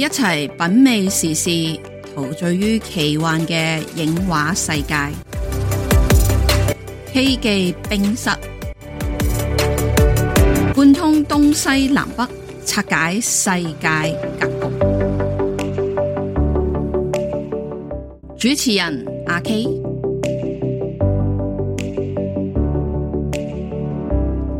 一齊品味時事，陶醉於奇幻嘅影畫世界。K 記冰室，貫通東西南北，拆解世界格局。主持人阿 K，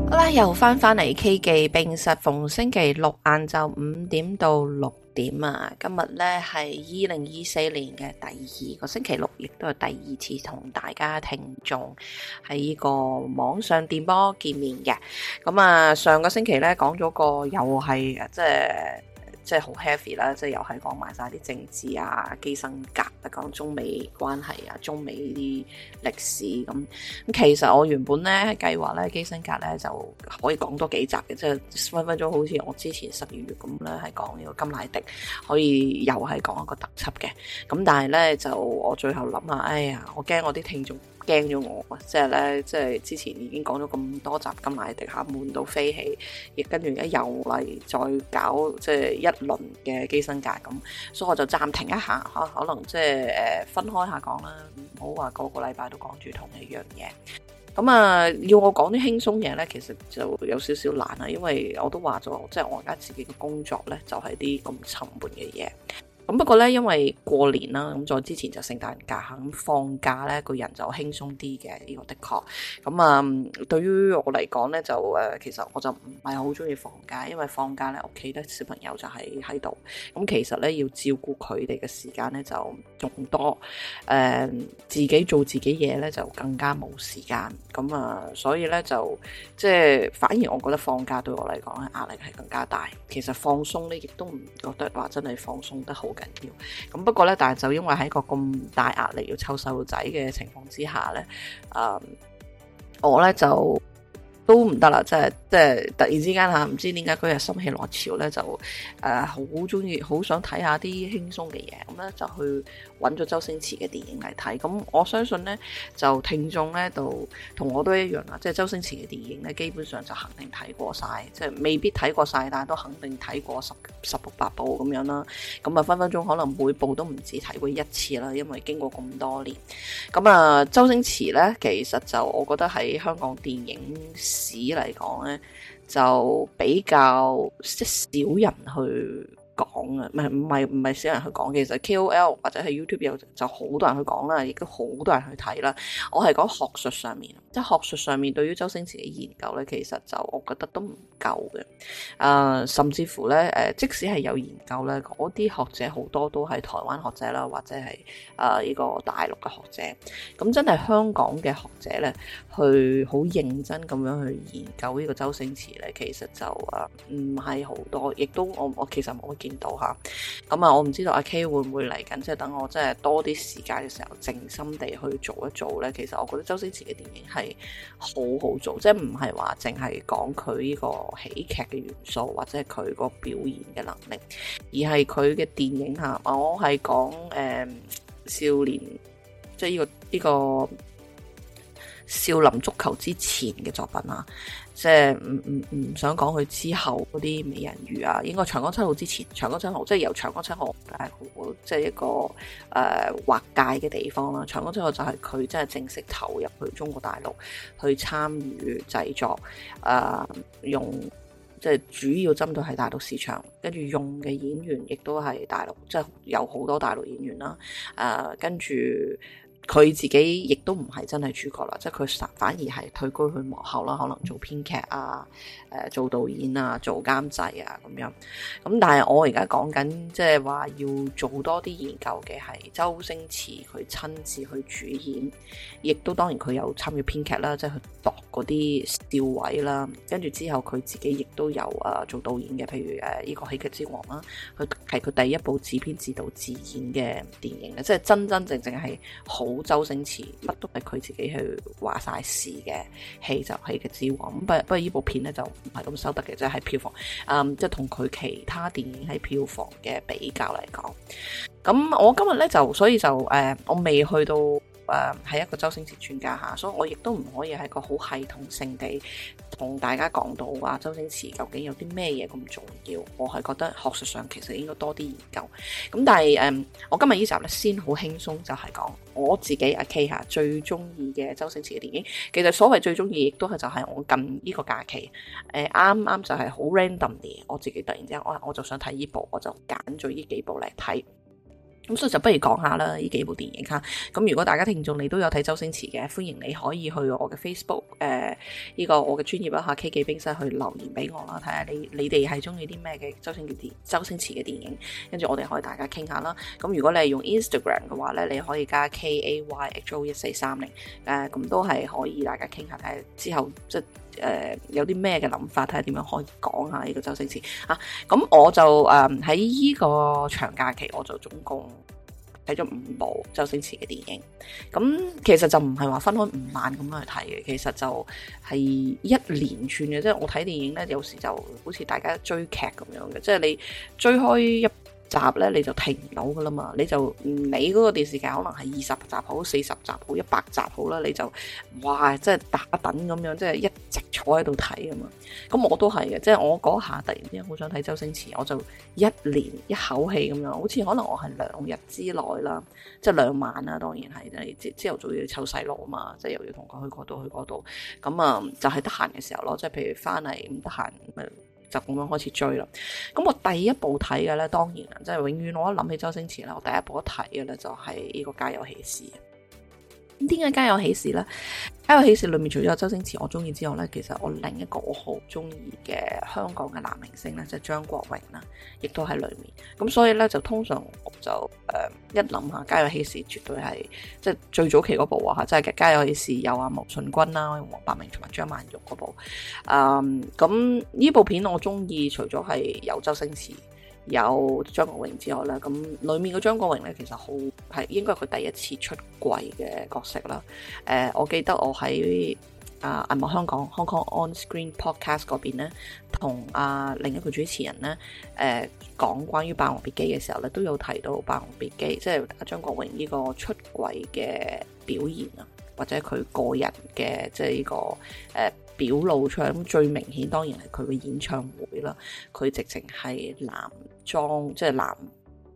好啦，又翻返嚟 K 記冰室，逢星期六晏晝五點到六。點啊！今日呢係二零二四年嘅第二個星期六，亦都係第二次同大家聽眾喺呢個網上電波見面嘅。咁啊，上個星期呢講咗個又係，即係。即係好 heavy 啦，即係又係講埋晒啲政治啊，基辛格啊，講中美關係啊，中美啲歷史咁。咁其實我原本咧係計劃咧，基辛格咧就可以講多幾集嘅，即係分分鐘好似我之前十二月咁咧，係講呢個金乃迪，可以又係講一個特輯嘅。咁但係咧就我最後諗下，哎呀，我驚我啲聽眾。驚咗我，即係咧，即係之前已經講咗咁多集金買迪吓，悶到飛起，亦跟住而家又嚟再搞即係一輪嘅機身價咁，所以我就暫停一下吓、啊，可能即係誒、呃、分開下講啦，唔好話個個禮拜都講住同一樣嘢。咁啊，要我講啲輕鬆嘢咧，其實就有少少難啊，因為我都話咗，即係我而家自己嘅工作咧，就係啲咁沉悶嘅嘢。咁不過咧，因為過年啦，咁再之前就聖誕假嚇，咁放假咧個人就輕鬆啲嘅，呢個的確。咁啊，對於我嚟講咧，就其實我就唔係好中意放假，因為放假咧屋企咧小朋友就喺喺度，咁其實咧要照顧佢哋嘅時間咧就仲多。誒、呃，自己做自己嘢咧就更加冇時間。咁啊，所以咧就即係反而我覺得放假對我嚟講壓力係更加大。其實放鬆咧亦都唔覺得話真係放鬆得好。緊要，咁不過咧，但係就因為喺個咁大壓力要湊細路仔嘅情況之下咧，誒、嗯，我咧就都唔得啦，即係即係突然之間吓，唔知點解嗰日心血來潮咧，就誒好中意，好、呃、想睇下啲輕鬆嘅嘢，咁咧就去揾咗周星馳嘅電影嚟睇。咁我相信咧，就聽眾咧度同我都一樣啦，即係周星馳嘅電影咧，基本上就肯定睇過晒，即係未必睇過晒，但係都肯定睇過十幾。十部八部咁樣啦，咁啊分分鐘可能每部都唔止睇過一次啦，因為經過咁多年，咁啊周星馳呢，其實就我覺得喺香港電影史嚟講呢，就比較識少、就是、人去。講啊，唔係唔係唔係少人去講，其實 KOL 或者係 YouTube 有就好多人去講啦，亦都好多人去睇啦。我係講學術上面，即係學術上面對於周星馳嘅研究呢，其實就我覺得都唔夠嘅。誒、呃，甚至乎呢，誒，即使係有研究呢，嗰啲學者好多都係台灣學者啦，或者係誒呢個大陸嘅學者。咁真係香港嘅學者呢，去好認真咁樣去研究呢個周星馳呢，其實就誒唔係好多，亦都我我其實我。見到吓，咁啊，我唔知道阿 K 會唔會嚟緊，即係等我即係多啲時間嘅時候，靜心地去做一做咧。其實我覺得周星馳嘅電影係好好做，即係唔係話淨係講佢呢個喜劇嘅元素，或者係佢個表現嘅能力，而係佢嘅電影吓。我係講誒，少年即係呢個呢個。這個少林足球之前嘅作品啊，即係唔唔唔想講佢之後嗰啲美人魚啊，應該長江七號之前，長江七號即係由長江七號，即係一個誒劃界嘅地方啦。長江七號就係佢真係正式投入去中國大陸去參與製作，誒用即係主要針對係大陸市場，跟住用嘅演員亦都係大陸，即係有好多大陸演員啦，誒跟住。佢自己亦都唔係真係主角啦，即係佢反而係退居去幕後啦，可能做編劇啊、誒、呃、做導演啊、做監製啊咁樣。咁但係我而家講緊即係話要做多啲研究嘅係周星馳佢親自去主演，亦都當然佢有參與編劇啦，即係去度嗰啲笑位啦。跟住之後佢自己亦都有啊做導演嘅，譬如誒、這、呢個喜劇之王啦，佢係佢第一部自編自導自演嘅電影嘅，即係真真正正係好。周星馳，乜都係佢自己去話晒事嘅戲就係喜劇之王。咁不不過呢部片咧就唔係咁收得嘅，即係票房，嗯，即係同佢其他電影喺票房嘅比較嚟講。咁我今日咧就所以就誒，我未去到。誒，係、嗯、一個周星馳專家嚇，所以我亦都唔可以係個好系統性地同大家講到話周星馳究竟有啲咩嘢咁重要。我係覺得學術上其實應該多啲研究。咁、嗯、但係誒、嗯，我今日呢集咧先好輕鬆，就係講我自己阿 K 下最中意嘅周星馳嘅電影。其實所謂最中意，亦都係就係我近呢個假期誒啱啱就係好 random 啲，我自己突然之間我我就想睇呢部，我就揀咗呢幾部嚟睇。咁所以就不如講下啦，呢幾部電影哈。咁如果大家聽眾你都有睇周星馳嘅，歡迎你可以去我嘅 Facebook，誒、呃、依、呢個我嘅專業啦，嚇 K 記冰室去留言俾我啦，睇下你你哋係中意啲咩嘅周星馳電周星馳嘅電影，跟住我哋可以大家傾下啦。咁如果你係用 Instagram 嘅話咧，你可以加 KAYHO 一四三零，誒咁、呃、都係可以大家傾下睇下之後即。誒、呃，有啲咩嘅諗法，睇下點樣可以講下呢個周星馳啊？咁我就誒喺呢個長假期，我就總共睇咗五部周星馳嘅電影。咁其實就唔係話分開五晚咁樣去睇嘅，其實就係一連串嘅，即係我睇電影咧，有時就好似大家追劇咁樣嘅，即係你追開一。集咧你就停唔到噶啦嘛，你就你嗰個電視劇可能係二十集好、四十集好、一百集好啦，你就哇，即係打躉咁樣，即係一直坐喺度睇啊嘛。咁我都係嘅，即係我嗰下突然之間好想睇周星馳，我就一連一口氣咁樣，好似可能我係兩日之內啦，即係兩晚啦，當然係即係朝頭早要湊細路嘛，即係又要同佢去嗰度去嗰度，咁啊就係得閒嘅時候咯，即係譬如翻嚟唔得閒。就咁樣開始追啦。咁我第一部睇嘅咧，當然啊，即係永遠我一諗起周星馳咧，我第一部一睇嘅咧就係呢個《家有喜事》。咁點解《家有喜事》咧？《家有喜事》裏面除咗有周星馳我中意之外咧，其實我另一個我好中意嘅香港嘅男明星咧，就係張國榮啦，亦都喺裏面。咁所以咧，就通常我就誒、嗯、一諗下《家有喜事》，絕對係即係最早期嗰部啊吓，即係《家有喜事》有，啊有阿毛舜筠啦、黃百鳴同埋張曼玉嗰部。嗯，咁呢部片我中意，除咗係有周星馳。有張國榮之外咧，咁裡面嘅張國榮咧，其實好係應該係佢第一次出櫃嘅角色啦。誒、呃，我記得我喺啊銀幕香港 Hong Kong On Screen Podcast 嗰邊咧，同啊另一個主持人咧誒、呃、講關於《霸王別姬》嘅時候咧，都有提到《霸王別姬》，即係張國榮呢個出櫃嘅表現啊，或者佢個人嘅即係呢個誒。呃表露出嚟咁，最明顯當然係佢嘅演唱會啦。佢直情係男裝，即係男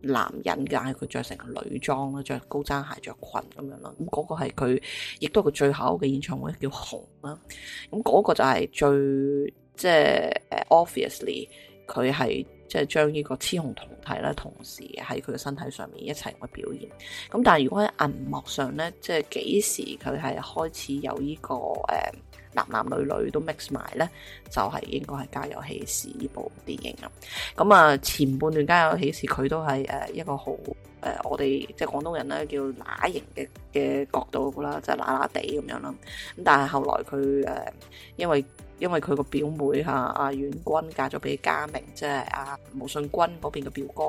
男人，但係佢着成女裝啦，著高踭鞋、着裙咁樣啦。咁、那、嗰個係佢，亦都係佢最後嘅演唱會叫紅啦。咁、那、嗰個就係最即係，obviously 佢係即係將呢個雌雄同體咧，同時喺佢嘅身體上面一齊去表現。咁但係如果喺銀幕上咧，即係幾時佢係開始有呢、這個誒？男男女女都 mix 埋咧，就係、是、應該係《家有喜事》呢部電影啊。咁啊，前半段《家有喜事》佢都係誒一個好誒、呃，我哋即係廣東人咧，叫乸型嘅嘅角度啦，即係乸乸地咁樣啦。咁但係後來佢誒、呃、因為。因為佢個表妹嚇阿婉君嫁咗俾家明，即係阿毛信君嗰邊嘅表哥，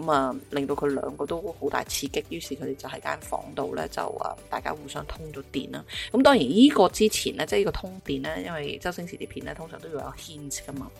咁啊令到佢兩個都好大刺激，於是佢哋就喺間房度咧就啊大家互相通咗電啦。咁、啊、當然呢個之前咧，即係呢個通電咧，因為周星馳啲片咧通常都要有 hints 噶嘛。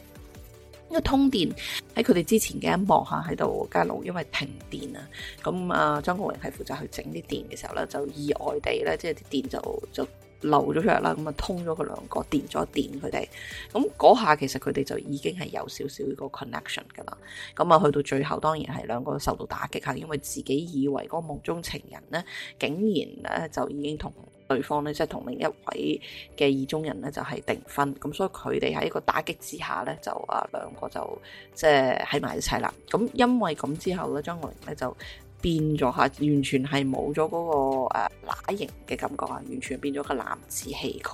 呢個通電喺佢哋之前嘅一幕嚇喺度間屋，因為停電啊，咁啊張國榮係負責去整啲電嘅時候咧，就意外地咧即係啲電就就。流咗出嚟啦，咁啊通咗佢兩個，電咗電佢哋，咁嗰下其實佢哋就已經係有少少個 connection 噶啦，咁啊去到最後當然係兩個受到打擊吓，因為自己以為嗰個夢中情人咧，竟然咧就已經同對方咧即係同另一位嘅意中人咧就係訂婚，咁所以佢哋喺一個打擊之下咧就啊兩個就即係喺埋一齊啦，咁因為咁之後咧張國榮咧就。變咗嚇，完全係冇咗嗰個乸型嘅感覺啊！完全變咗個男子氣概。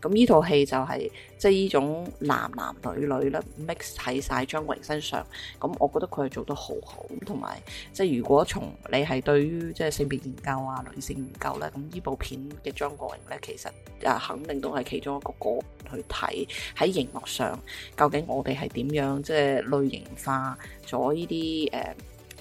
咁呢套戲就係、是、即係呢種男男女女咧 mix 喺晒張國榮身上。咁我覺得佢係做得好好，同埋即係如果從你係對於即係性別研究啊、女性研究咧，咁呢部片嘅張國榮咧，其實啊肯定都係其中一個個去睇喺熒幕上究竟我哋係點樣即係類型化咗呢啲誒。呃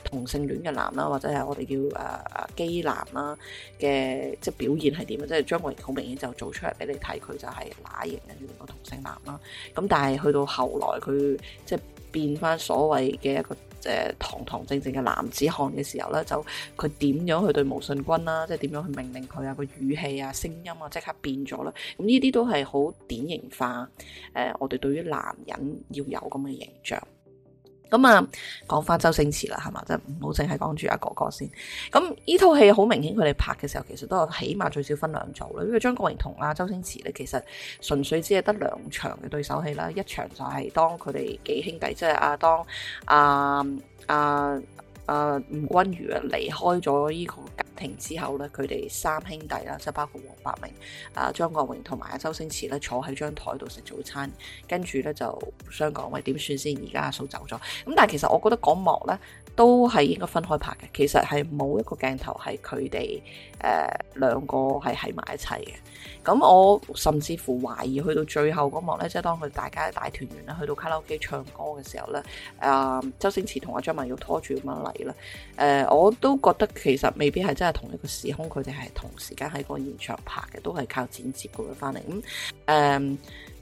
同性戀嘅男啦，或者係我哋叫誒、啊、基男啦嘅，即係表現係點啊？即係張國榮好明顯就做出嚟俾你睇，佢就係乸型嘅一個同性男啦。咁但係去到後來，佢即係變返所謂嘅一個誒、啊、堂堂正正嘅男子漢嘅時候咧，就佢點樣去對毛信君啦？即係點樣去命令佢啊？個語氣啊、聲音啊，即刻變咗啦。咁呢啲都係好典型化誒，我哋對於男人要有咁嘅形象。咁啊，講翻周星馳啦，係嘛？即係唔好淨係講住阿哥哥先。咁依套戲好明顯，佢哋拍嘅時候，其實都係起碼最少分兩組啦。因為張國榮同阿周星馳咧，其實純粹只係得兩場嘅對手戲啦。一場就係當佢哋幾兄弟，即係阿當阿阿阿吳君如啊離開咗依個停之後咧，佢哋三兄弟啦，即係包括黃百鳴、啊張國榮同埋啊周星馳咧，坐喺張枱度食早餐，跟住咧就互相講喂，點算先？而家阿嫂走咗，咁但係其實我覺得嗰幕咧都係應該分開拍嘅。其實係冇一個鏡頭係佢哋誒兩個係喺埋一齊嘅。咁我甚至乎懷疑去到最後嗰幕咧，即係當佢大家的大團圓啦，去到卡拉 OK 唱歌嘅時候咧，啊周星馳同阿張曼玉拖住咁樣嚟啦。誒，我都覺得其實未必係真即係同一個時空，佢哋係同時間喺個現場拍嘅，都係靠剪接過翻嚟。咁、嗯、誒。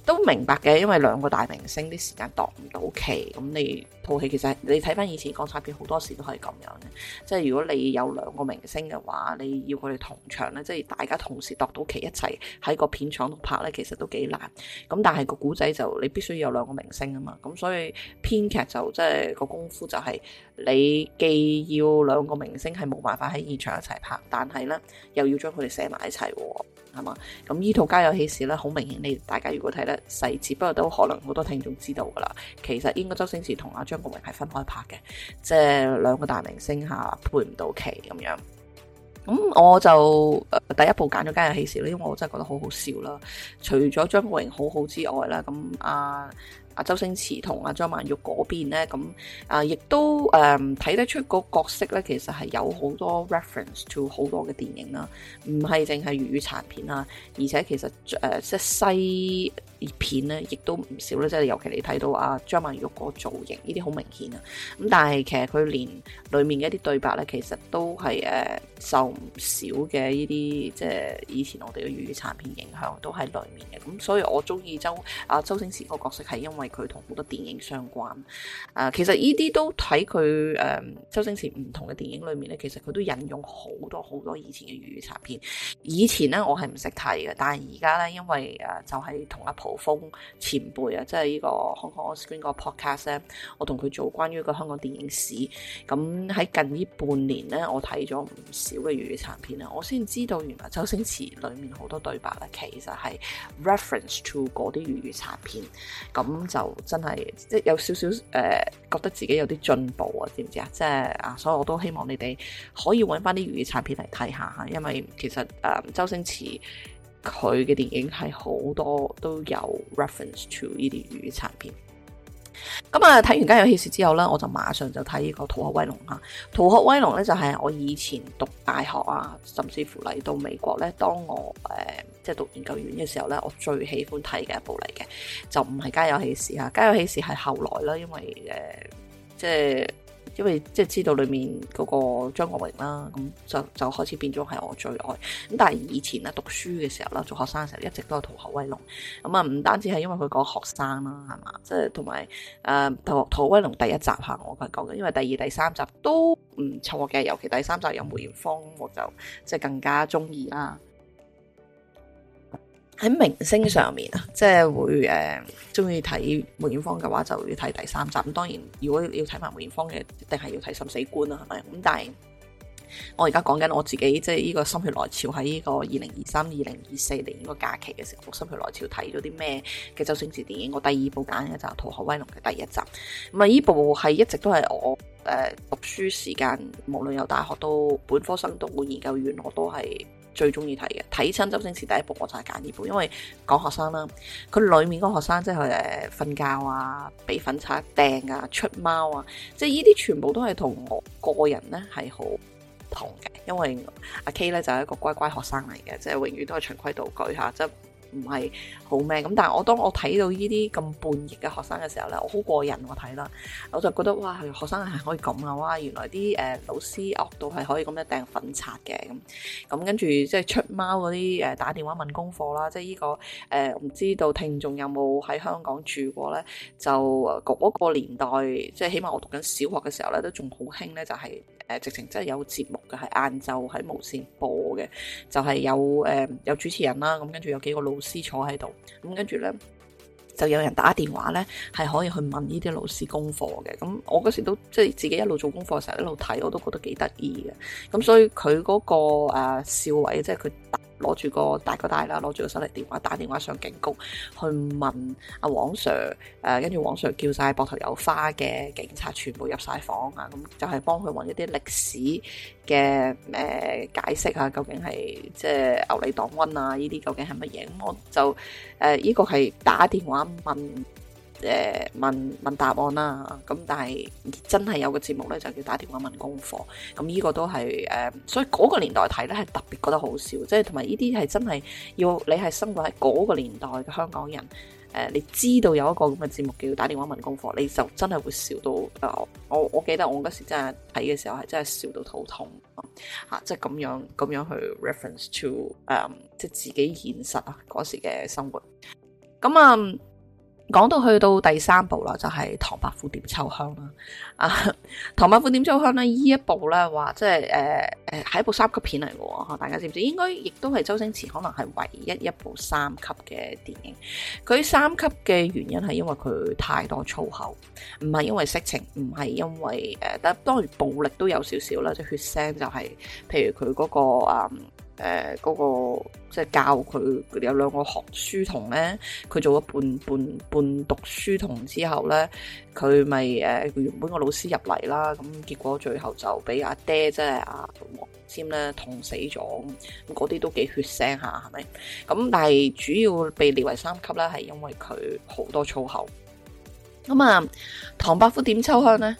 都明白嘅，因為兩個大明星啲時間度唔到期，咁你套戲其實你睇翻以前港產片好多時都係咁樣嘅，即係如果你有兩個明星嘅話，你要佢哋同場咧，即係大家同時度到期一齊喺個片廠度拍咧，其實都幾難。咁但係個古仔就是、你必須要有兩個明星啊嘛，咁所以編劇就是、即係、個功夫就係、是、你既要兩個明星係冇辦法喺現場一齊拍，但係咧又要將佢哋寫埋一齊。係嘛？咁呢套《家有喜事》咧，好明顯你大家如果睇得細緻，細節不過都可能好多聽眾知道噶啦。其實應該周星馳同阿張國榮係分開拍嘅，即係兩個大明星吓、啊、配唔到期咁樣。咁我就、呃、第一部揀咗《家有喜事》呢，因為我真係覺得好好笑啦。除咗張國榮好好之外啦，咁啊啊，周星馳同啊張曼玉嗰邊咧，咁啊亦都誒睇得出個角色咧，其實係有好多 reference to 好多嘅電影啦，唔係淨係粵語殘片啊，而且其實誒即係西片咧，亦都唔少咧，即係尤其你睇到啊張曼玉個造型，呢啲好明顯啊，咁但係其實佢連裏面嘅一啲對白咧，其實都係誒、呃、受唔少嘅呢啲即係以前我哋嘅粵語殘片影響都係裏面嘅，咁所以我中意周啊周星馳個角色係因為。佢同好多電影相關，誒、呃，其實呢啲都睇佢誒，周星馳唔同嘅電影裏面咧，其實佢都引用好多好多以前嘅粵語殘片。以前咧，我係唔識睇嘅，但係而家咧，因為誒、呃、就係、是、同阿蒲峰前輩啊，即係、這個那個、呢個 Hong Kong On Screen 嗰個 podcast 咧，我同佢做關於個香港電影史，咁喺近呢半年咧，我睇咗唔少嘅粵語殘片啦，我先知道原來周星馳裏面好多對白咧，其實係 reference to 嗰啲粵語殘片，咁。就真係即係有少少誒、呃，覺得自己有啲進步啊，知唔知啊？即係啊，所以我都希望你哋可以揾翻啲粵語殘片嚟睇下吓，因為其實誒、呃，周星馳佢嘅電影係好多都有 reference to 呢啲粵語殘片。咁、嗯、啊，睇完《家有喜事》之後呢，我就馬上就睇呢個《逃學威龍》吓，《逃學威龍》呢，就係、是、我以前讀大學啊，甚至乎嚟到美國呢，當我誒。呃即係讀研究院嘅時候咧，我最喜歡睇嘅一部嚟嘅，就唔係《家有喜事》啊，《家有喜事》係後來啦，因為誒、呃，即係因為即係知道裏面嗰個張國榮啦，咁就就開始變咗係我最愛。咁但係以前咧讀書嘅時候啦，做學生嘅時候，一直都係《逃學威龍》。咁啊，唔單止係因為佢講學生啦，係嘛，即係同埋誒《逃逃、呃、學威龍》第一集吓，我係講嘅，因為第二、第三集都唔錯嘅，尤其第三集有梅艷芳，我就即係更加中意啦。喺明星上面啊，即係會誒，中意睇梅艷芳嘅話，就要睇第三集。咁當然，如果要睇埋梅艷芳嘅，一定係要睇《審死官》啦，係咪？咁但係我而家講緊我自己，即係呢個《心血來潮》喺呢個二零二三、二零二四年呢個假期嘅時候，《心血來潮》睇咗啲咩嘅周星馳電影？我第二部揀嘅就係《逃學威龍》嘅第一集。咁啊，呢部係一直都係我誒、呃、讀書時間，無論由大學都本科生到研究院，我都係。最中意睇嘅睇親周星馳第一部，我就係揀呢部，因為講學生啦，佢裏面嗰個學生即係誒瞓覺啊，俾粉擦掟啊，出貓啊，即係呢啲全部都係同我個人咧係好唔同嘅，因為阿 K 咧就係一個乖乖學生嚟嘅，即係永遠都係循規蹈矩吓，即唔係好咩咁，但係我當我睇到呢啲咁叛逆嘅學生嘅時候呢，我好過癮我睇啦，我就覺得哇，學生係可以咁啊！哇，原來啲誒、呃、老師惡到係可以咁樣掟粉刷嘅咁，咁跟住即係出貓嗰啲誒打電話問功課啦，即係、這、呢個誒，唔、呃、知道聽眾有冇喺香港住過呢？就嗰個年代，即係起碼我讀緊小學嘅時候呢，都仲好興呢。就係誒直情真係有節目嘅，係晏晝喺無線播嘅，就係、是、有誒、呃、有主持人啦，咁跟住有幾個老師。師坐喺度，咁跟住咧就有人打電話咧，係可以去問呢啲老師功課嘅。咁我嗰時都即係自己一路做功課嘅時候，一路睇，我都覺得幾得意嘅。咁所以佢嗰、嗰個誒少偉即係佢。.攞住個大哥大啦，攞住個手提電話，打電話上警局去問阿王 Sir，誒、呃、跟住王 Sir 叫晒膊頭有花嘅警察全部入晒房啊，咁就係幫佢揾一啲歷史嘅誒、呃、解釋啊，究竟係即係牛李黨瘟啊呢啲究竟係乜嘢？咁、啊、我就誒依、呃這個係打電話問。誒，問問答案啦、啊，咁但係真係有個節目咧，就叫打電話問功課，咁呢個都係誒，所以嗰個年代睇咧係特別覺得好笑，即係同埋呢啲係真係要你係生活喺嗰個年代嘅香港人，誒、嗯，你知道有一個咁嘅節目叫打電話問功課，你就真係會笑到誒，我我記得我嗰時真係睇嘅時候係真係笑到肚痛，吓、嗯，即係咁樣咁樣去 reference to 誒、嗯、即、就、係、是、自己現實啊嗰時嘅生活，咁、嗯、啊。嗯講到去到第三部啦，就係、是《唐伯虎點秋香》啦。啊，《唐伯虎點秋香》呢，依一部呢話，即係誒誒，係、呃、一部三級片嚟嘅。吓，大家知唔知？應該亦都係周星馳可能係唯一一部三級嘅電影。佢三級嘅原因係因為佢太多粗口，唔係因為色情，唔係因為誒，但、呃、當然暴力都有少少啦，即血腥就係、是，譬如佢嗰、那個啊。嗯誒，嗰、呃那個即係教佢哋有兩個學書童咧，佢做咗半半半讀書童之後咧，佢咪誒原本個老師入嚟啦，咁結果最後就俾阿爹即係阿黃尖咧捅死咗，咁嗰啲都幾血腥下，係咪？咁但係主要被列為三級咧，係因為佢好多粗口。咁啊，唐伯虎點秋香咧？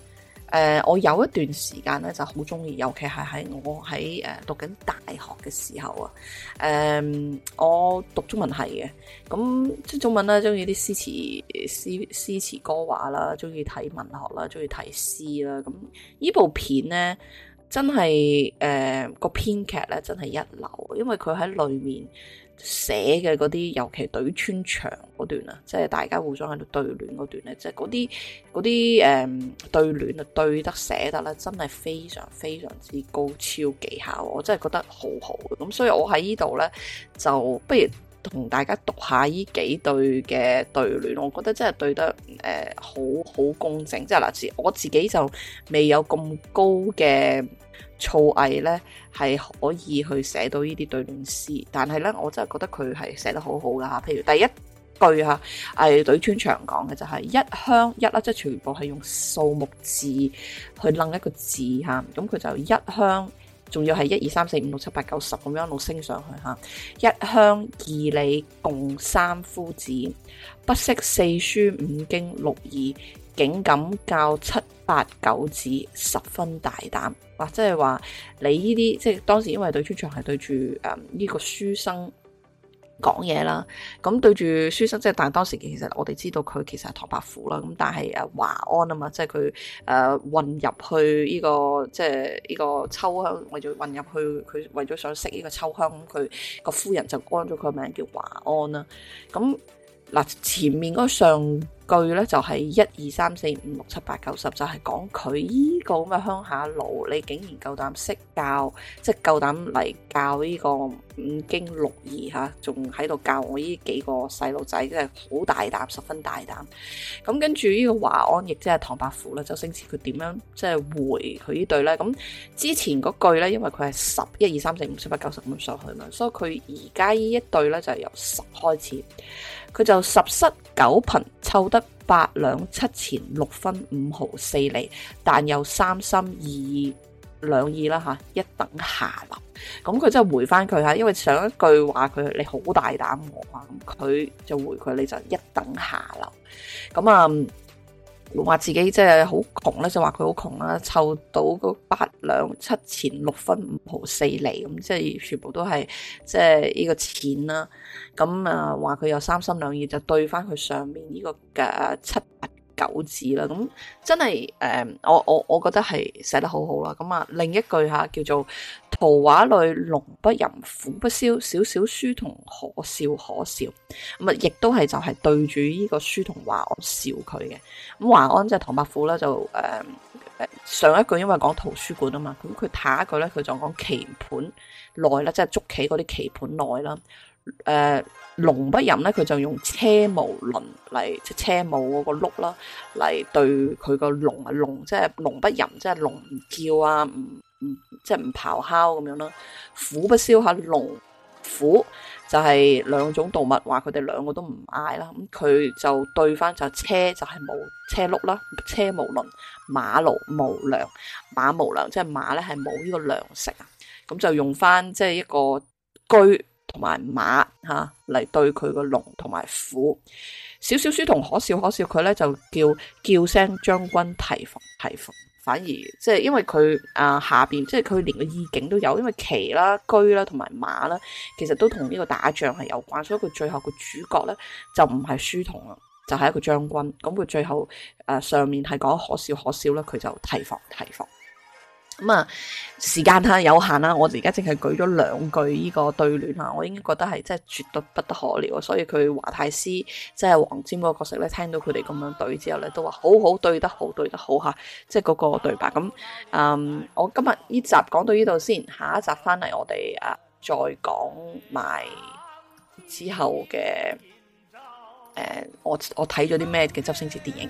誒，uh, 我有一段時間咧，就好中意，尤其係喺我喺誒、uh, 讀緊大學嘅時候啊。誒、uh,，我讀中文系嘅，咁即中文啦，中意啲詩詞、詩詩詞歌畫啦，中意睇文學啦，中意睇詩啦。咁呢部片咧，真係誒、uh, 個編劇咧，真係一流，因為佢喺裏面，寫嘅嗰啲，尤其是對對穿腸嗰段啊，即係大家互相喺度對聯嗰段咧，即係嗰啲嗰啲誒對聯啊，對得寫得咧，真係非常非常之高超技巧，我真係覺得好好嘅。咁所以我喺呢度咧，就不如同大家讀下呢幾對嘅對聯，我覺得真係對得誒好好工整，即係嗱，自我自己就未有咁高嘅造詣咧，係可以去寫到呢啲對聯詩，但係咧，我就係覺得佢係寫得好好噶吓，譬如第一句吓，係對穿腸講嘅就係、是、一鄉一粒，即係全部係用數目字去楞一個字吓，咁佢就一鄉，仲要係一二三四五六七八九十咁樣路升上去吓，一鄉二里共三夫子，不識四書五經六義，竟敢教七。八九子十分大膽，或者係話你呢啲，即係當時因為對穿牆係對住誒呢個書生講嘢啦，咁對住書生，即係但係當時其實我哋知道佢其實係唐伯虎啦，咁但係誒華安啊嘛，即係佢誒混入去呢個即係呢個秋香，為咗混入去佢為咗想識呢個秋香，咁佢個夫人就安咗佢個名叫華安啦，咁。嗱，前面嗰上句呢，就係一二三四五六七八九十，就係講佢呢個咁嘅鄉下佬，你竟然夠膽識教，即係夠膽嚟教呢個五經六義嚇，仲喺度教我呢幾個細路仔，真係好大膽，十分大膽。咁跟住呢個華安，亦即係唐伯虎啦，周星馳佢點樣即係回佢呢對呢？咁之前嗰句呢，因為佢係十一二三四五七八九十咁上去嘛，所以佢而家呢一對呢，就係由十開始。佢就十室九貧，湊得八兩七錢六分五毫四厘，但又三心二兩意兩意啦吓，一等下流。咁佢真係回翻佢吓，因為上一句話佢，你好大膽我啊，咁佢就回佢，你就一等下流。咁啊。話自己即係好窮咧，就話佢好窮啦，湊到個八兩七錢六分五毫四厘咁，即係全部都係即係呢個錢啦。咁啊，話佢又三心兩意，就對翻佢上面呢個嘅七。7，九字啦，咁真係誒，我我我覺得係寫得好好啦。咁啊，另一句吓叫做圖畫裏龍不吟虎不嘯，少少書同可笑可笑。咁啊，亦都係就係對住呢個書同華我笑佢嘅。咁華安即係唐伯虎啦，就誒、是、上一句因為講圖書館啊嘛，咁佢下一句咧佢就講、就是、棋盤內啦，即係捉棋嗰啲棋盤內啦。誒，龍、呃、不吟咧，佢就用車無輪嚟，即係車無嗰個碌啦，嚟對佢個龍啊，龍即係龍不吟，即係龍唔叫啊，唔唔即係唔咆哮咁樣啦。虎不燒下龍，虎就係、是、兩種動物，話佢哋兩個都唔嗌啦。咁佢就對翻就車就係、是、冇車碌啦，車無輪，馬無糧、就是、馬無糧，馬無糧，即係馬咧係冇呢個糧食啊。咁就用翻即係一個居。同埋馬吓嚟、啊、對佢個龍同埋虎。小小書童可笑可笑，佢呢就叫叫聲將軍提防提防，反而即係因為佢啊、呃、下邊即係佢連個意境都有，因為騎啦車啦同埋馬啦，其實都同呢個打仗係有關，所以佢最後個主角呢，就唔係書童啦，就係、是、一個將軍。咁佢最後誒、呃、上面係講可笑可笑呢，佢就提防提防。咁啊，時間啊有限啦，我哋而家淨係舉咗兩句呢個對聯嚇，我已經覺得係真係絕對不得可了，所以佢華太師即係黃沾嗰個角色咧，聽到佢哋咁樣對之後咧，都話好好對得好，對得好嚇，即係嗰個對白。咁嗯，我今日呢集講到呢度先，下一集翻嚟我哋啊再講埋之後嘅誒、呃，我我睇咗啲咩嘅周星馳電影。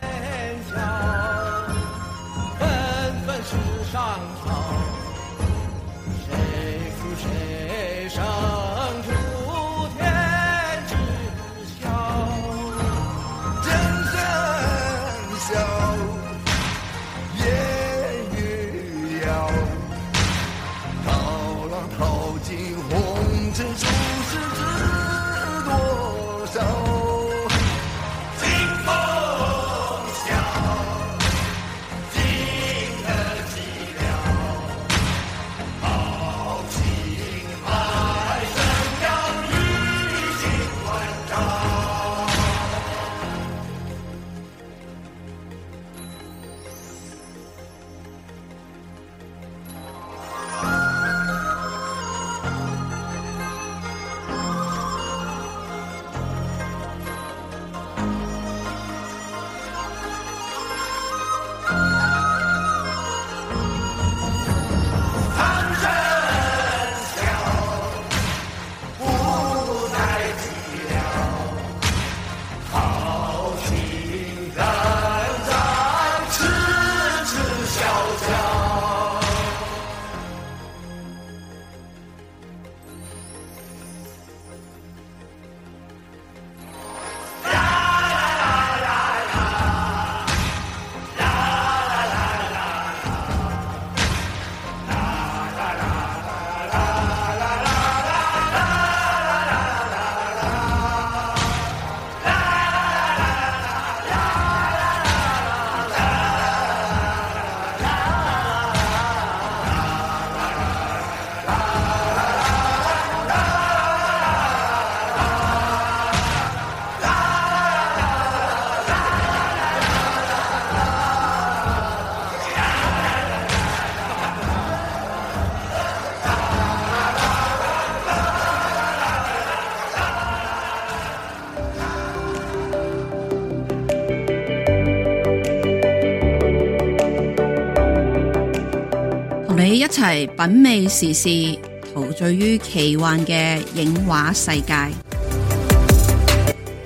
係品味時事，陶醉於奇幻嘅影畫世界。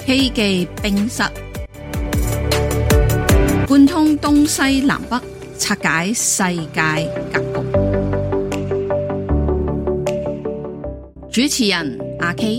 K 記冰室，貫通東西南北，拆解世界格局。主持人阿 K，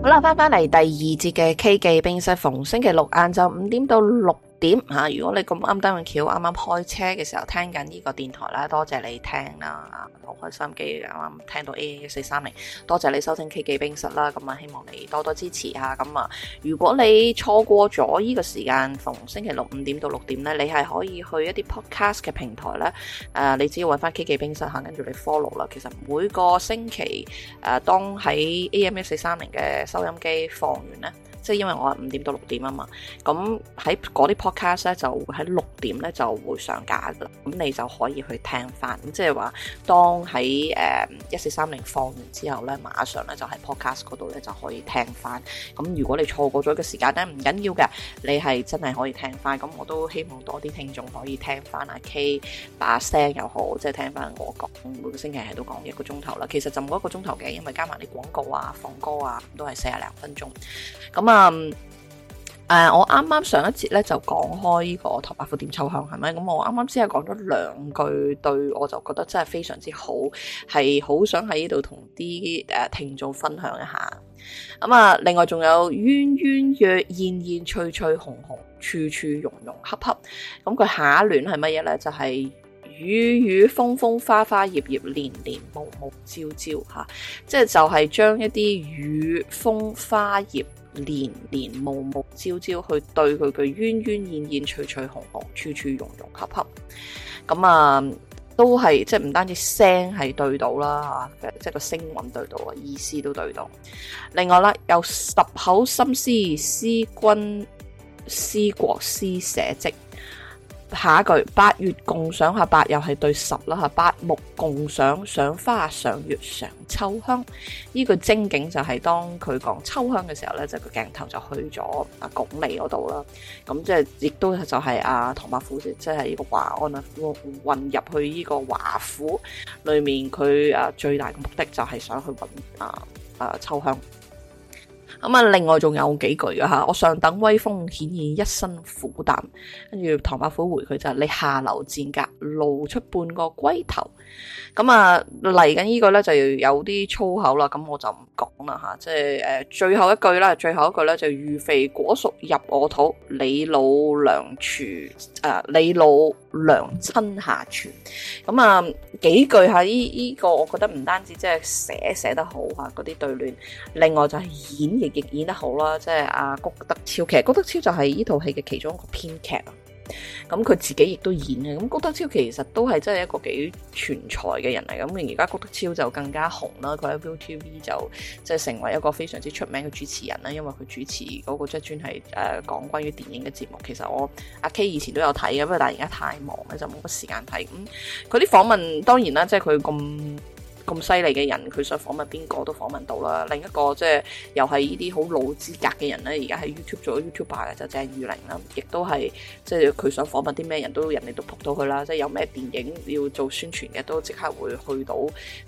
好啦，翻返嚟第二節嘅 K 記冰室，逢星期六晏晝五點到六。點吓？如果你咁啱得咁巧，啱啱開車嘅時候聽緊呢個電台啦，多謝你聽啦，好開心機，啱啱聽到 AM 一四三零，多謝你收聽 K 記冰室啦，咁啊希望你多多支持吓，咁啊如果你錯過咗呢個時間，逢星期六五點到六點咧，你係可以去一啲 podcast 嘅平台咧，誒，你只要搵翻 K 記冰室吓，跟住你 follow 啦。其實每個星期誒，當喺 AM 一四三零嘅收音機放完咧。即係因為我係五點到六點啊嘛，咁喺嗰啲 podcast 咧就會喺六點咧就會上架啦，咁你就可以去聽翻。即係話當喺誒一四三零放完之後咧，馬上咧就喺 podcast 嗰度咧就可以聽翻。咁如果你錯過咗個時間咧，唔緊要嘅，你係真係可以聽翻。咁我都希望多啲聽眾可以聽翻阿 K 把聲又好，即係聽翻我講每個星期喺度講一個鐘頭啦。其實就冇一個鐘頭嘅，因為加埋啲廣告啊、放歌啊，都係四十零分鐘。咁啊～嗯，誒，我啱啱上一節咧就講開呢個《唐伯虎點秋香》，係咪？咁我啱啱先係講咗兩句，對，我就覺得真係非常之好，係好想喺呢度同啲誒聽眾分享一下。咁啊，另外仲有冤冤約燕燕翠翠紅紅處處融融恰恰，咁佢下一聯係乜嘢呢？就係雨雨風風花花葉葉年年暮暮朝朝吓，即係就係將一啲雨風花葉。年年暮暮朝朝去對佢嘅鶯鶯燕燕、翠翠紅紅、處處融融洽洽，咁啊，都係即係唔單止聲係對到啦吓，即係個聲韻對到啊，意思都對到。另外啦，有十口心思思君思國思社稷。下一句八月共賞下八又係對十啦嚇，八目共賞賞花賞月賞秋香。呢句精景就係、是、當佢講秋香嘅時候咧，就個鏡頭就去咗阿鞏俐嗰度啦。咁即係亦都就係、是、阿、就是啊、唐伯虎即係呢個華安啊，混入去呢個華府裏面，佢啊最大嘅目的就係想去揾啊啊秋香。咁啊，另外仲有幾句啊。吓，我上等威風顯現一身苦膽，跟住唐伯虎回佢就係、是、你下流賤格，露出半個龜頭。咁啊嚟緊呢個呢，就有啲粗口啦，咁我就唔講啦吓。即係誒最後一句啦，最後一句呢，句就魚肥果熟入我肚，你老娘廚誒，你、呃、老娘親下廚。咁啊幾句吓呢呢個，我覺得唔單止即係寫寫得好吓，嗰啲對聯，另外就係演繹。亦演得好啦，即係阿谷德昭。其實谷德昭就係呢套戲嘅其中一個編劇啊。咁佢自己亦都演嘅。咁谷德昭其實都係真係一個幾全才嘅人嚟。咁而家谷德昭就更加紅啦。佢喺 Viu TV 就即係成為一個非常之出名嘅主持人啦。因為佢主持嗰個即係專係誒講關於電影嘅節目。其實我阿 K 以前都有睇嘅，不過但係而家太忙咧，就冇乜時間睇。咁佢啲訪問當然啦，即係佢咁。咁犀利嘅人，佢想訪問邊個都訪問到啦。另一個即係、就是、又係呢啲好老資格嘅人咧，而家喺 YouTube 做 YouTube r 嘅就鄭、是、裕玲啦，亦都係即係佢想訪問啲咩人都人哋都撲到佢啦。即係有咩電影要做宣傳嘅，都即刻會去到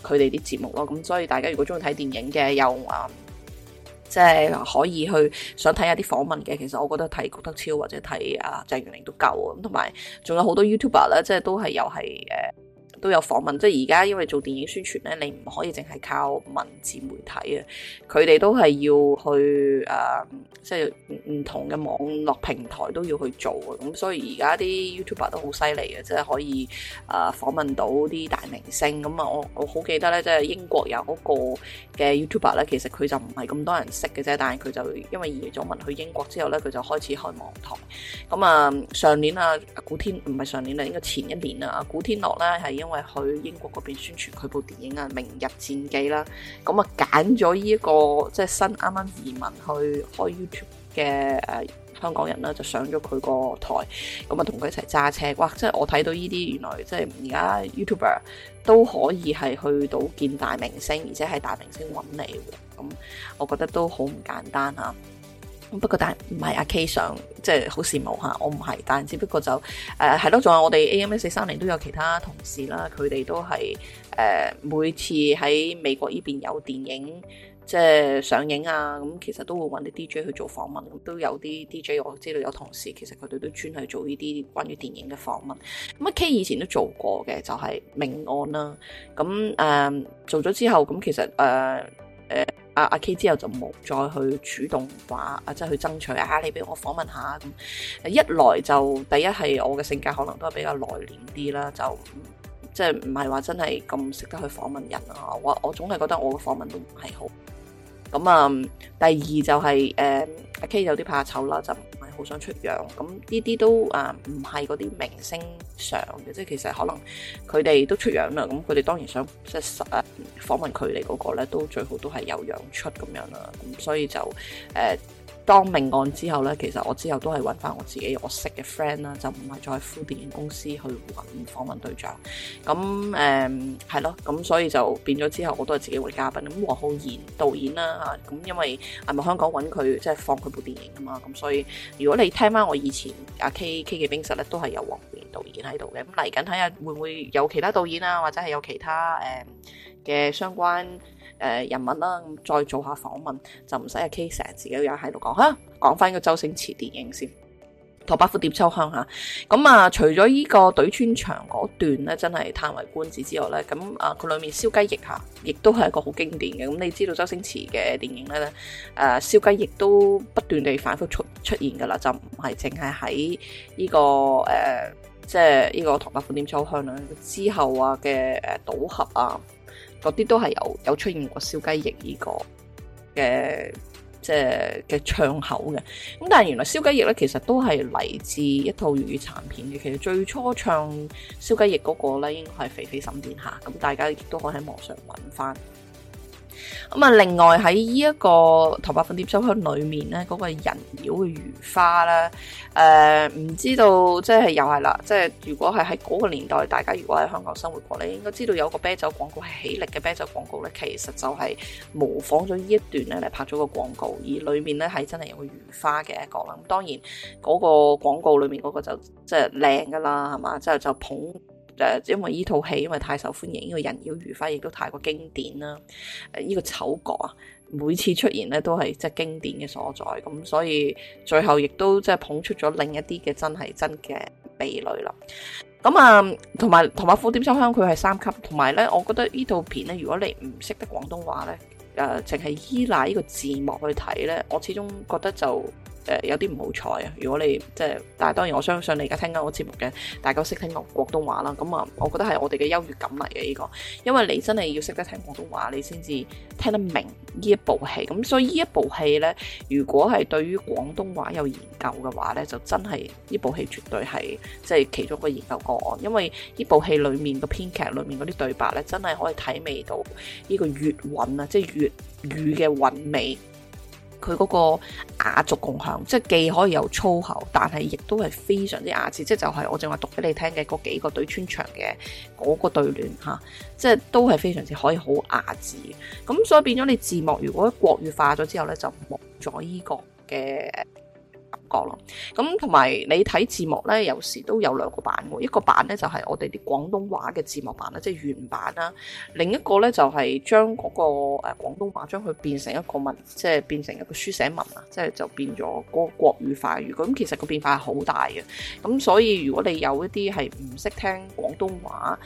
佢哋啲節目咯。咁所以大家如果中意睇電影嘅，又啊即係可以去想睇下啲訪問嘅，其實我覺得睇郭德超或者睇啊鄭裕玲都夠啊。咁同埋仲有好多 YouTube r 咧，即係都係又係都有訪問，即係而家因為做電影宣傳咧，你唔可以淨係靠文字媒體啊！佢哋都係要去誒、呃，即係唔同嘅網絡平台都要去做。咁所以而家啲 YouTuber 都好犀利嘅，即係可以誒、呃、訪問到啲大明星咁啊！我我好記得咧，即係英國有嗰個嘅 YouTuber 咧，其實佢就唔係咁多人識嘅啫，但係佢就因為移咗民去英國之後咧，佢就開始開網台。咁啊，上年啊，古天，唔係上年啊，應該前一年啊，古天樂咧係因為去英國嗰邊宣傳佢部電影啊《明日戰記》啦，咁啊揀咗呢一個即係新啱啱移民去開 YouTube 嘅誒、呃、香港人啦，就上咗佢個台，咁啊同佢一齊揸車，哇！即係我睇到呢啲原來即係而家 YouTuber 都可以係去到見大明星，而且係大明星揾你，咁我覺得都好唔簡單啊！不過但係唔係阿 K 想，即係好羨慕吓，我唔係，但係只不過就誒係咯，仲、呃、有我哋 AMS 四三零都有其他同事啦，佢哋都係誒、呃、每次喺美國呢邊有電影即係上映啊，咁其實都會揾啲 DJ 去做訪問，咁都有啲 DJ 我知道有同事，其實佢哋都專係做呢啲關於電影嘅訪問。咁、嗯、阿 K 以前都做過嘅，就係、是、命案啦。咁、嗯、誒做咗之後，咁其實誒誒。呃呃阿阿、啊、K 之後就冇再去主動話，啊即係去爭取啊，你俾我訪問下咁。一來就第一係我嘅性格可能都係比較內斂啲啦，就即係唔係話真係咁識得去訪問人啊。我我總係覺得我嘅訪問都唔係好。咁、嗯、啊，第二就係誒阿 K 有啲怕醜啦，就。好想出樣，咁呢啲都啊唔係嗰啲明星上嘅，即係其實可能佢哋都出樣啦，咁佢哋當然想即係誒訪問佢哋嗰個咧，都最好都係有樣出咁樣啦，咁所以就誒。呃當命案之後呢，其實我之後都係揾翻我自己我識嘅 friend 啦，就唔係再呼電影公司去揾訪問對象。咁誒係咯，咁、嗯、所以就變咗之後，我都係自己揾嘉賓。咁黃浩然導演啦咁、啊、因為係咪香港揾佢即係放佢部電影啊嘛，咁所以如果你聽翻我以前阿 K K 嘅冰室呢，都係有黃浩然導演喺度嘅。咁嚟緊睇下看看會唔會有其他導演啊，或者係有其他誒嘅、嗯、相關。誒、呃、人物啦，再做下訪問就唔使阿 Kay 成日自己又喺度講嚇，講、啊、翻個周星馳電影先《唐伯虎點秋香》吓、啊，咁啊除咗依個對穿腸嗰段咧，真係歎為觀止之外咧，咁啊佢裏面燒雞翼吓，亦都係一個好經典嘅。咁、啊、你知道周星馳嘅電影咧咧，誒、啊、燒雞翼都不斷地反覆出出現噶啦，就唔係淨係喺呢個誒、啊，即係呢個《唐伯虎點秋香》啦、啊，之後啊嘅誒賭俠啊。嗰啲都係有有出現過燒雞翼呢個嘅即係嘅唱口嘅咁，但係原來燒雞翼咧其實都係嚟自一套粵語殘片嘅。其實最初唱燒雞翼嗰個咧，應該係肥肥沈殿霞，咁大家亦都可以喺網上揾翻。咁啊，另外喺呢一個《唐伯虎點秋香》裏面咧，嗰、那個人妖嘅如花咧，誒、呃，唔知道即係又係啦，即係如果係喺嗰個年代，大家如果喺香港生活過，你應該知道有個啤酒廣告係喜力嘅啤酒廣告咧，其實就係模仿咗呢一段咧嚟，拍咗個廣告，而裏面咧係真係有個如花嘅一個啦。咁當然嗰個廣告裏面嗰個就即係靚噶啦，係嘛，之後就捧。誒，因為呢套戲因為太受歡迎，呢、這個人妖如花亦都太過經典啦。誒，呢個丑角啊，每次出現呢都係即係經典嘅所在，咁所以最後亦都即係捧出咗另一啲嘅真係真嘅美女啦。咁啊，同埋同埋虎點秋香佢係三級，同埋呢，我覺得呢套片呢，如果你唔識得廣東話呢，誒、呃，淨係依賴呢個字幕去睇呢，我始終覺得就。誒、呃、有啲唔好彩啊！如果你即係，但係當然我相信你而家聽緊我節目嘅，大家識聽個廣東話啦。咁啊，我覺得係我哋嘅優越感嚟嘅呢個，因為你真係要識得聽廣東話，你先至聽得明呢一部戲。咁所以呢一部戲呢，如果係對於廣東話有研究嘅話呢，就真係呢部戲絕對係即係其中一個研究個案，因為呢部戲裡面個編劇裡面嗰啲對白呢，真係可以體味到呢個粵韻啊，即係粵語嘅韻味。佢嗰個雅俗共賞，即係既可以有粗口，但係亦都係非常之雅致。即係就係我正話讀俾你聽嘅嗰幾個對穿腸嘅嗰個對聯，即係都係非常之可以好雅致。咁所以變咗你字幕如果國語化咗之後呢，就冇咗呢個嘅角咯，咁同埋你睇字幕呢，有時都有兩個版嘅，一個版呢，就係我哋啲廣東話嘅字幕版啦，即係原版啦，另一個呢，就係將嗰個誒廣東話將佢變成一個文，即係變成一個書寫文啊，即係就變咗嗰個國語化語。咁其實個變化係好大嘅，咁所以如果你有一啲係唔識聽廣東話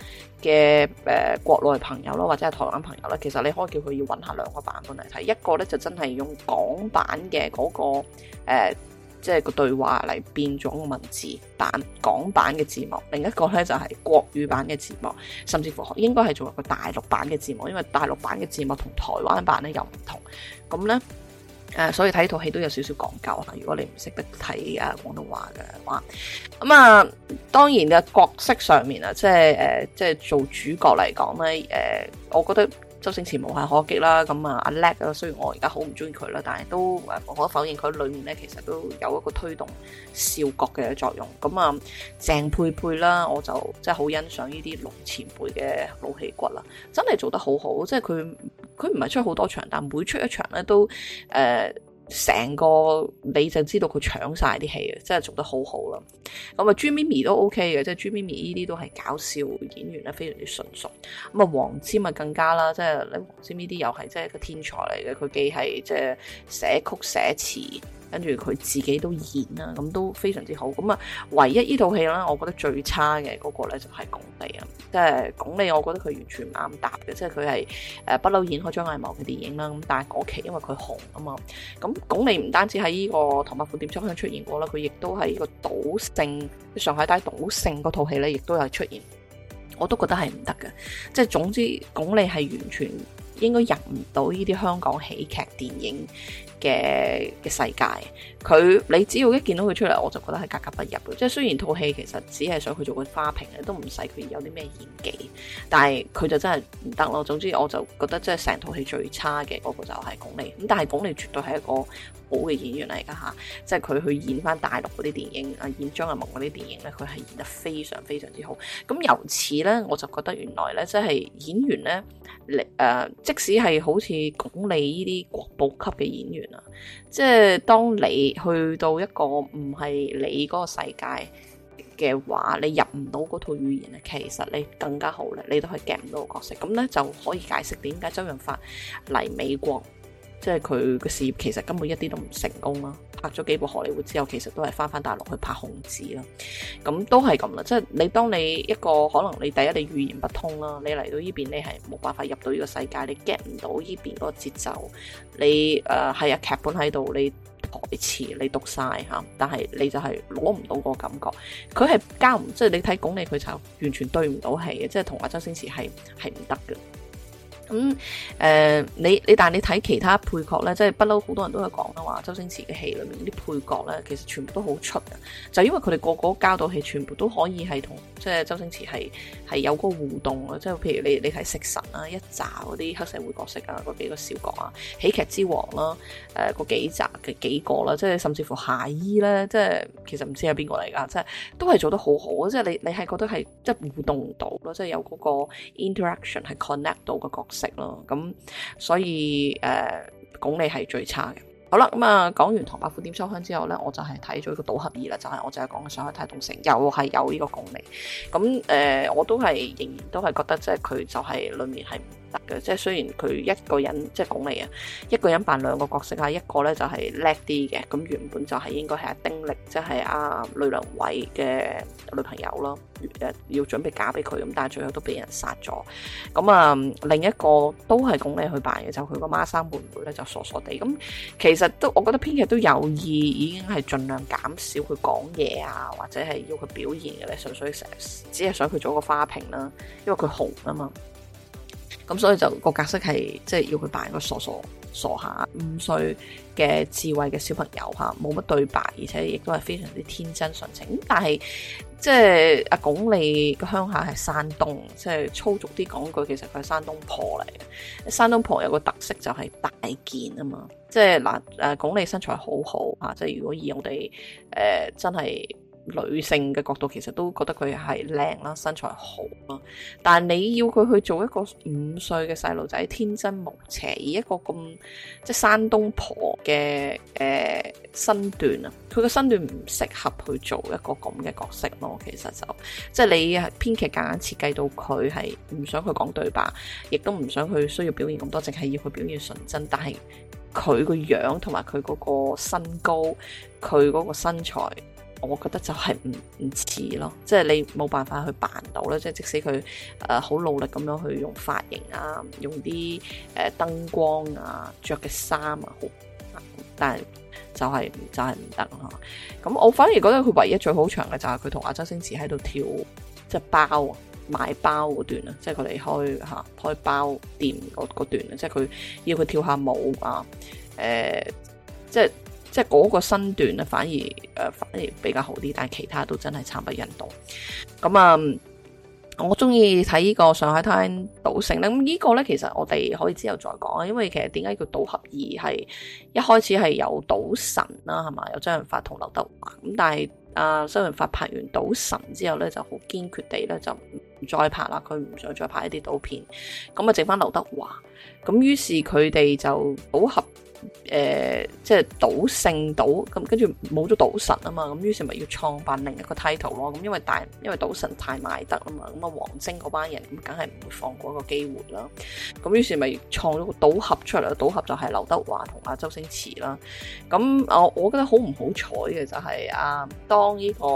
嘅誒國內朋友啦，或者係台灣朋友呢，其實你可以叫佢要揾下兩個版本嚟睇，一個呢，就真係用港版嘅嗰、嗰個誒。呃即係個對話嚟變咗個文字版港版嘅字幕，另一個咧就係國語版嘅字幕，甚至乎應該係做一個大陸版嘅字幕，因為大陸版嘅字幕同台灣版咧又唔同。咁咧誒，所以睇套戲都有少少講究啊。如果你唔識得睇啊廣東話嘅話，咁啊當然嘅角色上面啊，即係、呃、即係做主角嚟講咧，呃、我覺得。周星馳無限可擊啦，咁啊阿叻啊，雖然我而家好唔中意佢啦，但係都無可否認佢裏面咧其實都有一個推動笑角嘅作用。咁啊鄭佩佩啦，我就真係好欣賞呢啲老前輩嘅老戲骨啦，真係做得好好，即係佢佢唔係出好多場，但每出一場咧都誒。呃成個你就知道佢搶晒啲戲啊，真係做得好好啦。咁啊，朱咪咪都 OK 嘅，即係朱咪咪呢啲都係搞笑演員咧，非常之純熟。咁啊，黃霑更加啦，即係你黃霑呢啲又係即係一個天才嚟嘅，佢既係即係寫曲寫詞。跟住佢自己都演啦，咁都非常之好。咁啊，唯一呢套戲啦，我覺得最差嘅嗰個咧就係鞏俐啊，即係鞏俐，拱我覺得佢完全唔啱搭嘅，即係佢係誒不嬲演開張藝謀嘅電影啦。咁但係嗰期因為佢紅啊嘛，咁鞏俐唔單止喺呢個《唐伯虎點秋香》出現過啦，佢亦都係個賭聖《上海灘》賭聖嗰套戲呢，亦都有出現。我都覺得係唔得嘅，即係總之鞏俐係完全應該入唔到呢啲香港喜劇電影。嘅嘅世界，佢你只要一見到佢出嚟，我就覺得係格格不入嘅。即係雖然套戲其實只係想佢做個花瓶嘅，都唔使佢有啲咩演技，但係佢就真係唔得咯。總之我就覺得即係成套戲最差嘅嗰個就係鞏俐咁，但係鞏俐絕對係一個。好嘅演員嚟噶吓，即係佢去演翻大陸嗰啲電影，啊演張藝謀嗰啲電影咧，佢係演得非常非常之好。咁由此咧，我就覺得原來咧，即係演員咧，你誒，即使係好似鞏俐呢啲國寶級嘅演員啊，即係當你去到一個唔係你嗰個世界嘅話，你入唔到嗰套語言啊，其實你更加好咧，你都係夾唔到個角色。咁咧就可以解釋點解周潤發嚟美國。即係佢個事業其實根本一啲都唔成功啦，拍咗幾部荷里活之後，其實都係返返大陸去拍孔子啦，咁都係咁啦。即係你當你一個可能你第一你語言不通啦，你嚟到呢邊你係冇辦法入到呢個世界，你 get 唔到呢邊嗰個節奏，你誒係、呃、啊劇本喺度，你台詞你讀晒嚇，但係你就係攞唔到嗰個感覺。佢係交唔即係你睇鞏俐佢就完全對唔到戲嘅。即係同阿周星馳係係唔得嘅。咁誒、嗯呃，你但你但係你睇其他配角咧，即係不嬲好多人都係講啦話周星馳嘅戲裏面啲配角咧，其實全部都好出嘅，就因為佢哋個個個交到戲全部都可以係同即係周星馳係係有個互動啊！即係譬如你你睇食神啊，一集嗰啲黑社會角色啊，嗰幾個小角啊，喜劇之王啦，誒、呃、嗰幾集嘅幾個啦，即係甚至乎夏依咧，即係其實唔知係邊個嚟噶，即係都係做得好好啊，即係你你係覺得係即係互動到咯，即係有嗰個 interaction 係 connect 到嘅角色。食咯，咁、嗯、所以誒、呃，鞏俐係最差嘅。好啦，咁、嗯、啊講完唐伯虎點秋香之後咧，我就係睇咗個賭俠二啦，就係、是、我就係講上海太東城，又係有呢個鞏俐，咁、嗯、誒、呃，我都係仍然都係覺得即係佢就係、是、裡面係。嘅，即係雖然佢一個人即係鞏俐啊，一個人扮兩個角色啊，一個咧就係叻啲嘅，咁原本就係應該係丁力，即係阿呂良偉嘅女朋友咯，呃，要準備嫁俾佢，咁但係最後都俾人殺咗。咁啊，另一個都係鞏俐去扮嘅，就佢個孖生妹妹咧就傻傻地。咁其實都我覺得編劇都有意，已經係盡量減少佢講嘢啊，或者係要佢表現嘅咧，純粹成日只係想佢做一個花瓶啦，因為佢紅啊嘛。咁所以就個格式係即係要佢扮個傻傻傻下五歲嘅智慧嘅小朋友嚇，冇乜對白，而且亦都係非常之天真純情。咁但係即係阿鞏俐個鄉下係山東，即係粗俗啲講句，其實佢係山東婆嚟嘅。山東婆有個特色就係大件啊嘛，即係嗱誒，鞏俐身材好好嚇，即係如果以我哋誒真係。女性嘅角度其實都覺得佢係靚啦，身材好啦。但係你要佢去做一個五歲嘅細路仔，天真無邪，以一個咁即係山東婆嘅誒、呃、身段啊，佢個身段唔適合去做一個咁嘅角色咯。其實就即係你編劇夾硬設計到佢係唔想佢講對白，亦都唔想佢需要表現咁多，淨係要佢表現純真。但係佢個樣同埋佢嗰個身高，佢嗰個身材。我覺得就係唔唔似咯，即係你冇辦法去扮到啦。即係即使佢誒好努力咁樣去用髮型啊，用啲誒、呃、燈光啊，着嘅衫啊好，但係就係、係、就係唔得嚇。咁、啊、我反而覺得佢唯一最好場嘅就係佢同阿周星馳喺度跳即係包啊，買包嗰段是他啊，即係佢哋開嚇開包店嗰段啊，即係佢要佢跳下舞啊，誒、呃、即係。即係嗰個身段咧，反而誒、呃，反而比較好啲，但係其他都真係慘不忍睹。咁、嗯、啊，我中意睇呢個《上海灘》賭聖咧。咁呢個咧，其實我哋可以之後再講啊。因為其實點解叫賭俠二係？是，一開始係有賭神啦，係嘛，有周潤發同劉德華。咁但係啊，周潤發拍完賭神之後咧，就好堅決地咧就唔再拍啦。佢唔想再拍一啲賭片。咁啊，剩翻劉德華。咁於是佢哋就賭俠。誒，即係賭聖賭咁，跟住冇咗賭神啊嘛，咁於是咪要創辦另一個 title 咯。咁因為大，因為賭神太賣得啊嘛，咁啊王晶嗰班人咁，梗係唔會放過一個機會啦。咁於是咪創咗個賭俠出嚟啦。賭俠就係劉德華同阿周星馳啦。咁我我覺得好唔好彩嘅就係、是、阿、啊、當呢、呢個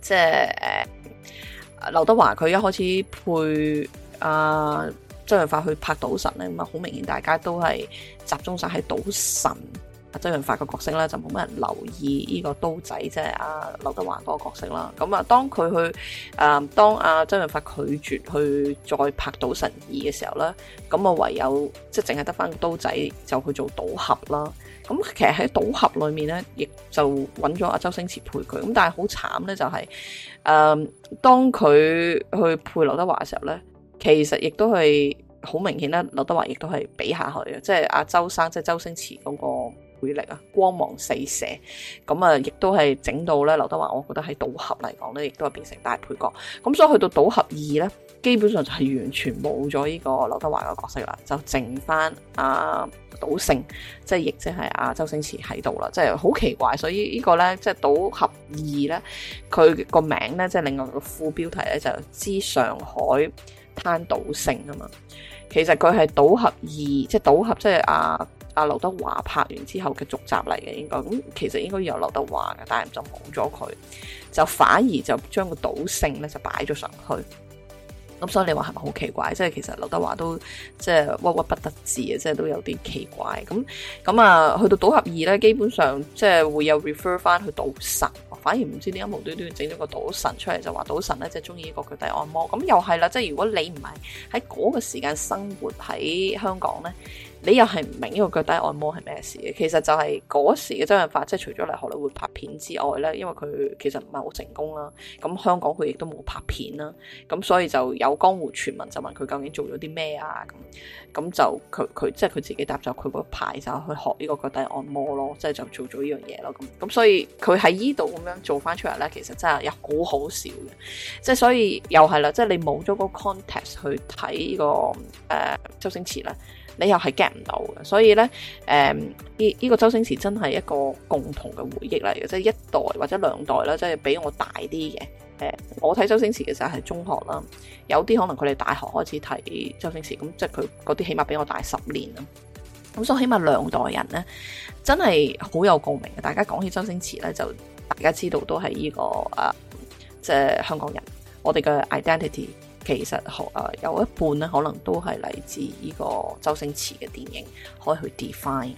即係誒劉德華佢一開始配、啊周潤發去拍《賭神》咧，咁啊，好明顯大家都係集中晒喺《賭神》啊，周潤發個角色咧，就冇乜人留意呢個刀仔，即係，阿劉德華嗰個角色啦。咁啊，當佢去啊，當阿周潤發拒絕去再拍《賭神》二嘅時候咧，咁啊唯有即係淨係得翻個刀仔就去做賭俠啦。咁其實喺賭俠裏面咧，亦就揾咗阿周星馳陪佢。咁但係好慘咧，就係、是、誒，當佢去配劉德華嘅時候咧。其實亦都係好明顯咧，劉德華亦都係比下去嘅，即係阿周生，即係周星馳嗰個魅力啊，光芒四射，咁啊，亦都係整到咧劉德華，我覺得喺賭俠嚟講咧，亦都係變成大配角，咁所以去到賭俠二咧。基本上就係完全冇咗呢個劉德華個角色啦，就剩翻阿賭聖，即係亦即係阿周星馳喺度啦，即係好奇怪，所以呢個呢，即係賭俠二呢，佢個名呢，即係另外一個副標題呢，就之上海灘賭聖啊嘛，其實佢係賭俠二，即係賭俠即係阿阿劉德華拍完之後嘅續集嚟嘅應該，咁、嗯、其實應該有劉德華嘅，但係就冇咗佢，就反而就將個賭聖呢，就擺咗上去。咁所以你話係咪好奇怪？即係其實劉德華都即係屈屈不得志啊！即係都有啲奇怪。咁咁啊，去到《賭俠二》咧，基本上即係會有 refer 翻去賭神，反而唔知點解無端端整咗個賭神出嚟，就話賭神咧即係中意一個腳底按摩。咁又係啦，即係如果你唔係喺嗰個時間生活喺香港咧。你又係唔明呢個腳底按摩係咩事嘅？其實就係嗰時嘅周潤發，即係除咗嚟學你會拍片之外咧，因為佢其實唔係好成功啦。咁香港佢亦都冇拍片啦。咁所以就有江湖傳聞就問佢究竟做咗啲咩啊？咁咁就佢佢即係佢自己搭就佢個牌就去學呢個腳底按摩咯，即係就、做咗呢樣嘢咯。咁咁所以佢喺依度咁樣做翻出嚟咧，其實真係又好好笑嘅。即係所以又係啦，即係你冇咗個 context 去睇、呢個誒、呃、周星馳咧。你又係 get 唔到嘅，所以咧，誒、嗯，依、這、依個周星馳真係一個共同嘅回憶嚟嘅，即係一代或者兩代啦，即係比我大啲嘅。誒，我睇周星馳嘅時候係中學啦，有啲可能佢哋大學開始睇周星馳，咁即係佢嗰啲起碼比我大十年啦。咁所以起碼兩代人咧，真係好有共鳴嘅。大家講起周星馳咧，就大家知道都係呢、這個誒，即、呃、係、就是、香港人，我哋嘅 identity。其實學誒有一半咧，可能都係嚟自呢個周星馳嘅電影，可以去 define。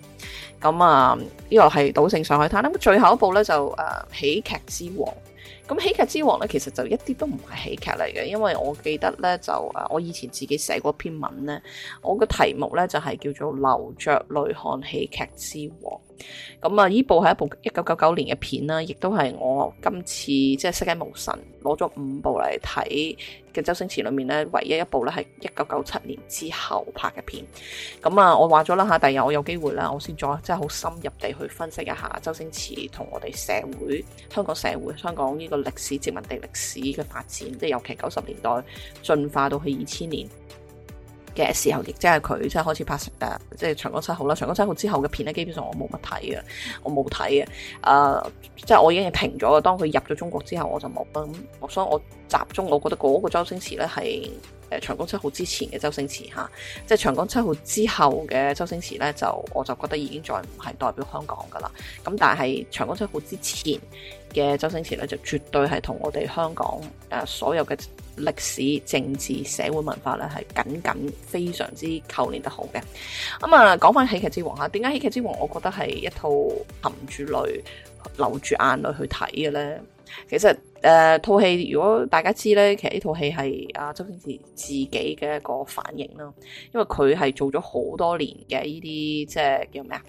咁啊，呢個係《賭聖上海灘》啦。咁最後一部咧就誒、啊、喜劇之王。咁喜劇之王咧，其實就一啲都唔係喜劇嚟嘅，因為我記得咧就誒我以前自己寫過篇文咧，我嘅題目咧就係、是、叫做流着淚看喜劇之王。咁啊，呢部係一部一九九九年嘅片啦，亦都係我今次即係《世界無神》攞咗五部嚟睇嘅周星馳裏面咧，唯一一部咧係一九九七年之後拍嘅片。咁啊，我話咗啦吓，第二日我有機會啦，我先再即係好深入地去分析一下周星馳同我哋社會、香港社會、香港呢個歷史殖民地歷史嘅發展，即係尤其九十年代進化到去二千年嘅時候，亦即係佢即係開始拍攝，誒即係《長江七號》啦，《長江七號》之後嘅片咧，基本上我冇乜睇嘅。我冇睇嘅，即係我已經停咗啊。當佢入咗中國之後，我就冇啦。咁，所以我集中，我覺得嗰個周星馳咧係。誒長江七號之前嘅周星馳嚇，即係長江七號之後嘅周星馳咧，就我就覺得已經再唔係代表香港㗎喇。咁但係長江七號之前嘅周星馳咧，就絕對係同我哋香港誒所有嘅歷史、政治、社會、文化咧係緊緊非常之扣連得好嘅。咁啊，講返《喜劇之王》嚇，點解《喜劇之王》我覺得係一套含住淚、流住眼淚去睇嘅呢？其實。誒套戲如果大家知咧，其實呢套戲係阿周星馳自己嘅一個反應啦，因為佢係做咗好多年嘅呢啲，即係叫咩啊？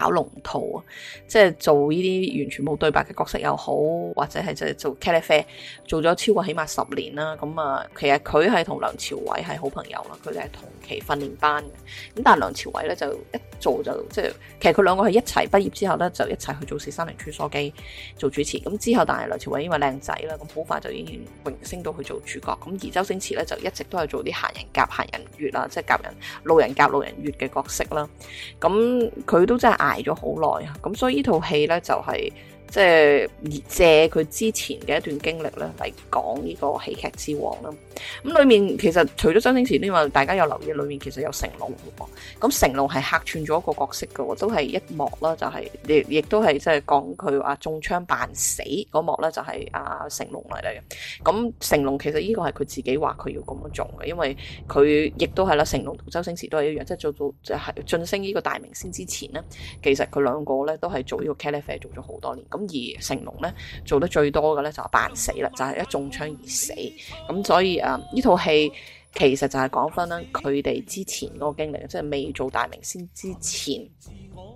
跑龍套啊，即係做呢啲完全冇對白嘅角色又好，或者係就做茄喱啡，做咗超過起碼十年啦。咁啊，其實佢係同梁朝偉係好朋友啦，佢哋係同期訓練班嘅。咁但係梁朝偉咧就一做就即係，其實佢兩個係一齊畢業之後咧就一齊去做四三零穿梭機做主持。咁之後但係梁朝偉因為靚仔啦，咁好快就已經榮升到去做主角。咁而周星馳咧就一直都係做啲閒人甲、閒人乙啊，即係甲人、路人甲、路人乙嘅角色啦。咁佢都真係捱咗好耐啊，咁所以呢套戲咧就係、是。即係借佢之前嘅一段經歷咧，嚟講呢個喜劇之王啦。咁裏面其實除咗周星馳呢，話大家有留意，裏面其實有成龍喎。咁成龍係客串咗一個角色嘅喎，都係一幕啦、就是，是就係亦都係即係講佢話中槍扮死嗰幕咧、就是，就係阿成龍嚟嘅。咁成龍其實呢個係佢自己話佢要咁樣做嘅，因為佢亦都係啦。成龍同周星馳都係一樣，即、就、係、是、做到即係晉升呢個大明星之前咧，其實佢兩個咧都係做呢個茄喱啡做咗好多年。而成龍咧做得最多嘅咧就係扮死啦，就係、是、一中槍而死。咁所以啊，呢套戲其實就係講翻啦，佢哋之前嗰個經歷，即係未做大明星之前。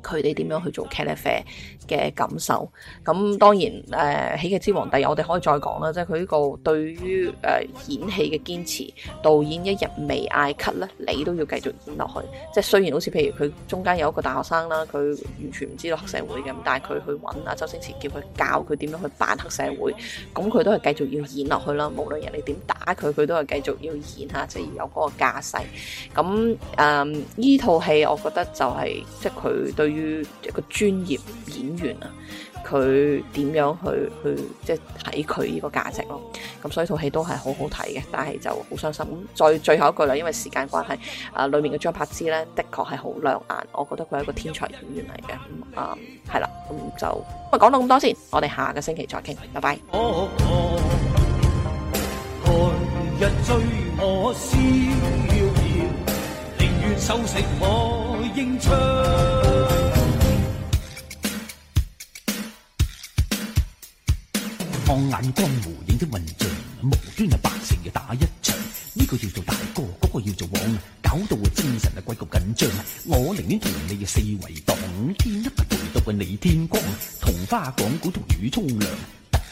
佢哋點樣去做 c a l f e 嘅感受？咁當然誒，呃《喜劇之王》第日我哋可以再講啦，即係佢呢個對於、呃、演戲嘅堅持。導演一日未嗌 cut 咧，你都要繼續演落去。即係雖然好似譬如佢中間有一個大學生啦，佢完全唔知道黑社會咁，但係佢去揾啊周星馳叫佢教佢點樣去扮黑社會，咁佢都係繼續要演落去啦。無論人哋點打佢，佢都係繼續要演下，即係、就是、有嗰個架勢。咁呢依套戲我覺得就係、是、即係佢對。於一個專業演員啊，佢點樣去去即係睇佢呢個價值咯？咁所以套戲都係好好睇嘅，但係就好傷心。再最後一句啦，因為時間關係，啊、呃，裏面嘅張柏芝咧的確係好亮眼，我覺得佢係一個天才演員嚟嘅。咁、嗯、啊，係啦，咁就咁講到咁多先，我哋下個星期再傾，拜拜。哦哦收拾我英槍，放眼光無影的混象，無端啊百姓要打一場，呢、這個要做大哥，嗰、這個要做王，搞到啊精神啊鬼咁緊張，我寧願同你嘅四圍黨五一不如同你陪到天光，同花講古，同雨沖涼。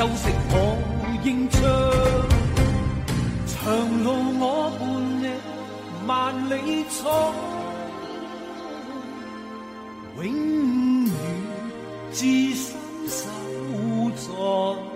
休息我應唱，長路我伴你萬里闖，永遠至深守在。